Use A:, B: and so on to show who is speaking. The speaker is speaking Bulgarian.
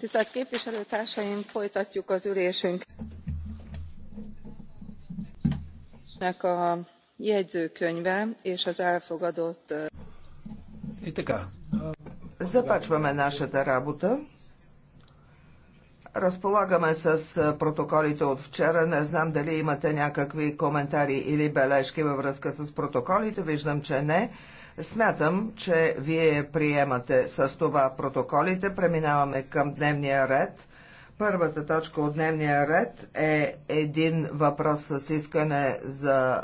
A: Tisztelt képviselőtársaim, folytatjuk az ülésünket a jegyzőkönyve és az elfogadott...
B: Разполагаме с протоколите от вчера. Не знам дали имате някакви коментари или бележки във връзка с протоколите. Виждам, че не. Смятам, че вие приемате с това протоколите. Преминаваме към дневния ред. Първата точка от дневния ред е един въпрос с
C: искане за